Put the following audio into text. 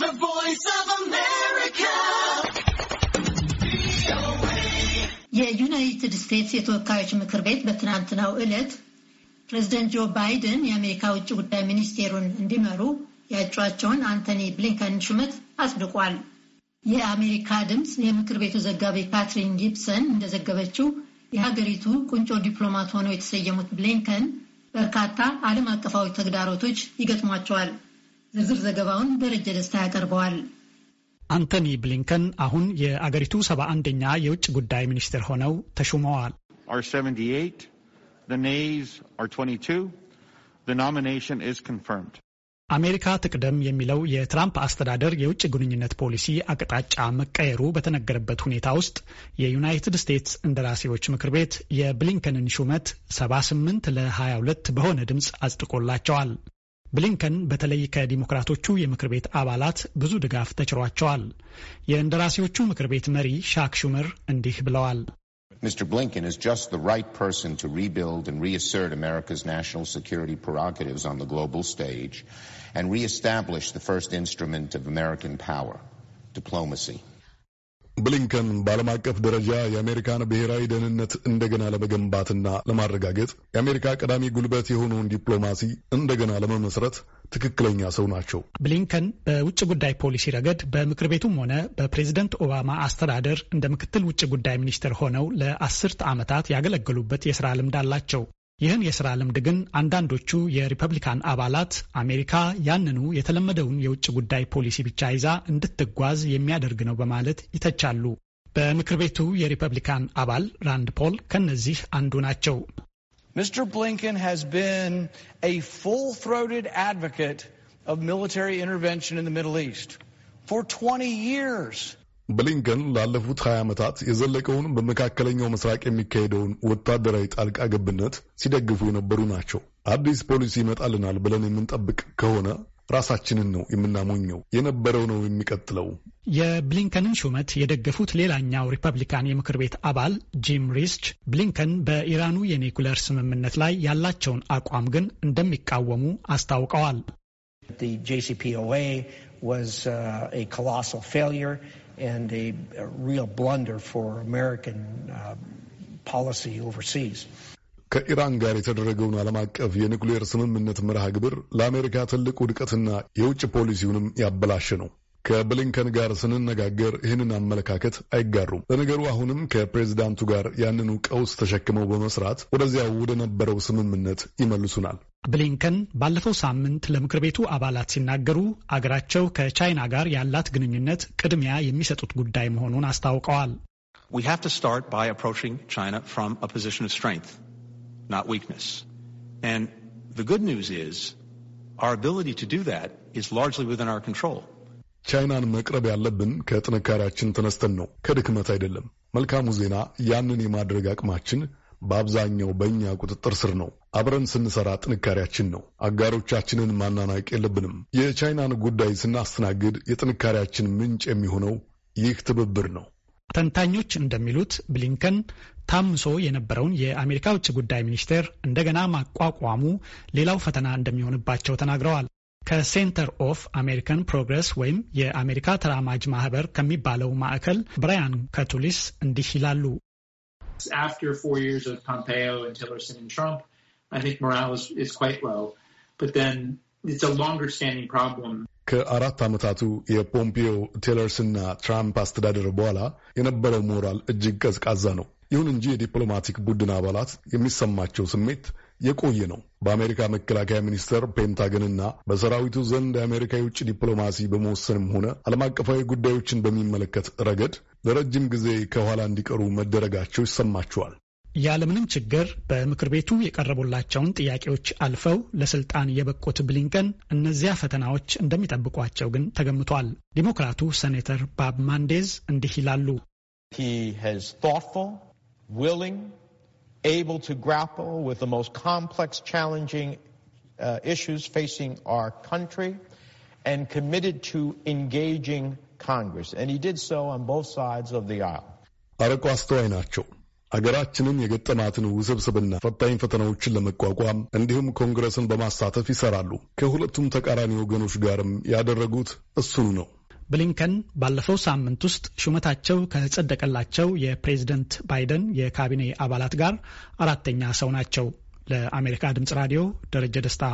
The Voice of America. የዩናይትድ ስቴትስ የተወካዮች ምክር ቤት በትናንትናው ዕለት ፕሬዚደንት ጆ ባይደን የአሜሪካ ውጭ ጉዳይ ሚኒስቴሩን እንዲመሩ ያጯቸውን አንቶኒ ብሊንከን ሹመት አጽድቋል። የአሜሪካ ድምፅ የምክር ቤቱ ዘጋቢ ካትሪን ጊብሰን እንደዘገበችው የሀገሪቱ ቁንጮ ዲፕሎማት ሆነው የተሰየሙት ብሊንከን በርካታ ዓለም አቀፋዊ ተግዳሮቶች ይገጥሟቸዋል። ዝርዝር ዘገባውን ደረጀ ደስታ ያቀርበዋል። አንቶኒ ብሊንከን አሁን የአገሪቱ ሰባ አንደኛ የውጭ ጉዳይ ሚኒስትር ሆነው ተሹመዋል። አሜሪካ ትቅደም የሚለው የትራምፕ አስተዳደር የውጭ ግንኙነት ፖሊሲ አቅጣጫ መቀየሩ በተነገረበት ሁኔታ ውስጥ የዩናይትድ ስቴትስ እንደራሴዎች ምክር ቤት የብሊንከንን ሹመት 78 ለ22 በሆነ ድምፅ አጽድቆላቸዋል። ብሊንከን በተለይ ከዲሞክራቶቹ የምክር ቤት አባላት ብዙ ድጋፍ ተችሯቸዋል። የእንደራሴዎቹ ምክር ቤት መሪ ሻክ ሹመር እንዲህ ብለዋል። Mr. Blinken is just the right person to rebuild and reassert America's national security prerogatives on the global stage and reestablish the first instrument of American power, diplomacy. ብሊንከን በዓለም አቀፍ ደረጃ የአሜሪካን ብሔራዊ ደህንነት እንደገና ለመገንባትና ለማረጋገጥ የአሜሪካ ቀዳሚ ጉልበት የሆነውን ዲፕሎማሲ እንደገና ለመመስረት ትክክለኛ ሰው ናቸው። ብሊንከን በውጭ ጉዳይ ፖሊሲ ረገድ በምክር ቤቱም ሆነ በፕሬዝደንት ኦባማ አስተዳደር እንደ ምክትል ውጭ ጉዳይ ሚኒስትር ሆነው ለአስርት ዓመታት ያገለገሉበት የስራ ልምድ አላቸው። ይህን የስራ ልምድ ግን አንዳንዶቹ የሪፐብሊካን አባላት አሜሪካ ያንኑ የተለመደውን የውጭ ጉዳይ ፖሊሲ ብቻ ይዛ እንድትጓዝ የሚያደርግ ነው በማለት ይተቻሉ። በምክር ቤቱ የሪፐብሊካን አባል ራንድ ፖል ከነዚህ አንዱ ናቸው። ሚስተር ብሊንከን ሃዝ ቢን ኤ ፉል ትሮትድ አድቮኬት ኦፍ ሚሊታሪ ኢንተርቨንሽን ኢን ዘ 20 ብሊንከን ላለፉት 20 ዓመታት የዘለቀውን በመካከለኛው ምስራቅ የሚካሄደውን ወታደራዊ ጣልቃ ገብነት ሲደግፉ የነበሩ ናቸው። አዲስ ፖሊሲ ይመጣልናል ብለን የምንጠብቅ ከሆነ ራሳችንን ነው የምናሞኘው። የነበረው ነው የሚቀጥለው። የብሊንከንን ሹመት የደገፉት ሌላኛው ሪፐብሊካን የምክር ቤት አባል ጂም ሪስች ብሊንከን በኢራኑ የኒኩለር ስምምነት ላይ ያላቸውን አቋም ግን እንደሚቃወሙ አስታውቀዋል። and a, a real blunder for American uh, policy overseas. ከኢራን ጋር የተደረገውን ዓለም አቀፍ የኒኩሌር ስምምነት መርሃ ግብር ለአሜሪካ ትልቅ ውድቀትና የውጭ ፖሊሲውንም ያበላሸ ነው። ከብሊንከን ጋር ስንነጋገር ይህንን አመለካከት አይጋሩም። ለነገሩ አሁንም ከፕሬዚዳንቱ ጋር ያንኑ ቀውስ ተሸክመው በመስራት ወደዚያው ወደ ነበረው ስምምነት ይመልሱናል። ብሊንከን ባለፈው ሳምንት ለምክር ቤቱ አባላት ሲናገሩ አገራቸው ከቻይና ጋር ያላት ግንኙነት ቅድሚያ የሚሰጡት ጉዳይ መሆኑን አስታውቀዋል። ቻይና ቻይናን መቅረብ ያለብን ከጥንካሬያችን ተነስተን ነው፣ ከድክመት አይደለም። መልካሙ ዜና ያንን የማድረግ አቅማችን በአብዛኛው በእኛ ቁጥጥር ስር ነው። አብረን ስንሰራ ጥንካሬያችን ነው። አጋሮቻችንን ማናናቅ የለብንም። የቻይናን ጉዳይ ስናስተናግድ የጥንካሬያችን ምንጭ የሚሆነው ይህ ትብብር ነው። ተንታኞች እንደሚሉት ብሊንከን ታምሶ የነበረውን የአሜሪካ ውጭ ጉዳይ ሚኒስቴር እንደገና ማቋቋሙ ሌላው ፈተና እንደሚሆንባቸው ተናግረዋል። ከሴንተር ኦፍ አሜሪካን ፕሮግረስ ወይም የአሜሪካ ተራማጅ ማህበር ከሚባለው ማዕከል ብራያን ከቱሊስ እንዲህ ይላሉ። ከአራት ዓመታቱ የፖምፒዮ ቴለርስና ትራምፕ አስተዳደር በኋላ የነበረው ሞራል እጅግ ቀዝቃዛ ነው። ይሁን እንጂ የዲፕሎማቲክ ቡድን አባላት የሚሰማቸው ስሜት የቆየ ነው። በአሜሪካ መከላከያ ሚኒስቴር ፔንታገንና በሰራዊቱ ዘንድ የአሜሪካ የውጭ ዲፕሎማሲ በመወሰንም ሆነ ዓለም አቀፋዊ ጉዳዮችን በሚመለከት ረገድ ለረጅም ጊዜ ከኋላ እንዲቀሩ መደረጋቸው ይሰማቸዋል። ያለምንም ችግር በምክር ቤቱ የቀረቡላቸውን ጥያቄዎች አልፈው ለስልጣን የበቁት ብሊንከን እነዚያ ፈተናዎች እንደሚጠብቋቸው ግን ተገምቷል። ዲሞክራቱ ሴኔተር ባብ ማንዴዝ እንዲህ ይላሉ። able to grapple with the most complex, challenging uh, issues facing our country, and committed to engaging Congress. And he did so on both sides of the aisle. የገጠማትን ውስብስብና ፈታኝ ፈተናዎችን ለመቋቋም እንዲሁም ኮንግረስን በማሳተፍ ይሰራሉ። ከሁለቱም ተቃራኒ ወገኖች ጋርም ያደረጉት እሱኑ ነው። ብሊንከን ባለፈው ሳምንት ውስጥ ሹመታቸው ከጸደቀላቸው የፕሬዝደንት ባይደን የካቢኔ አባላት ጋር አራተኛ ሰው ናቸው። ለአሜሪካ ድምጽ ራዲዮ ደረጀ ደስታ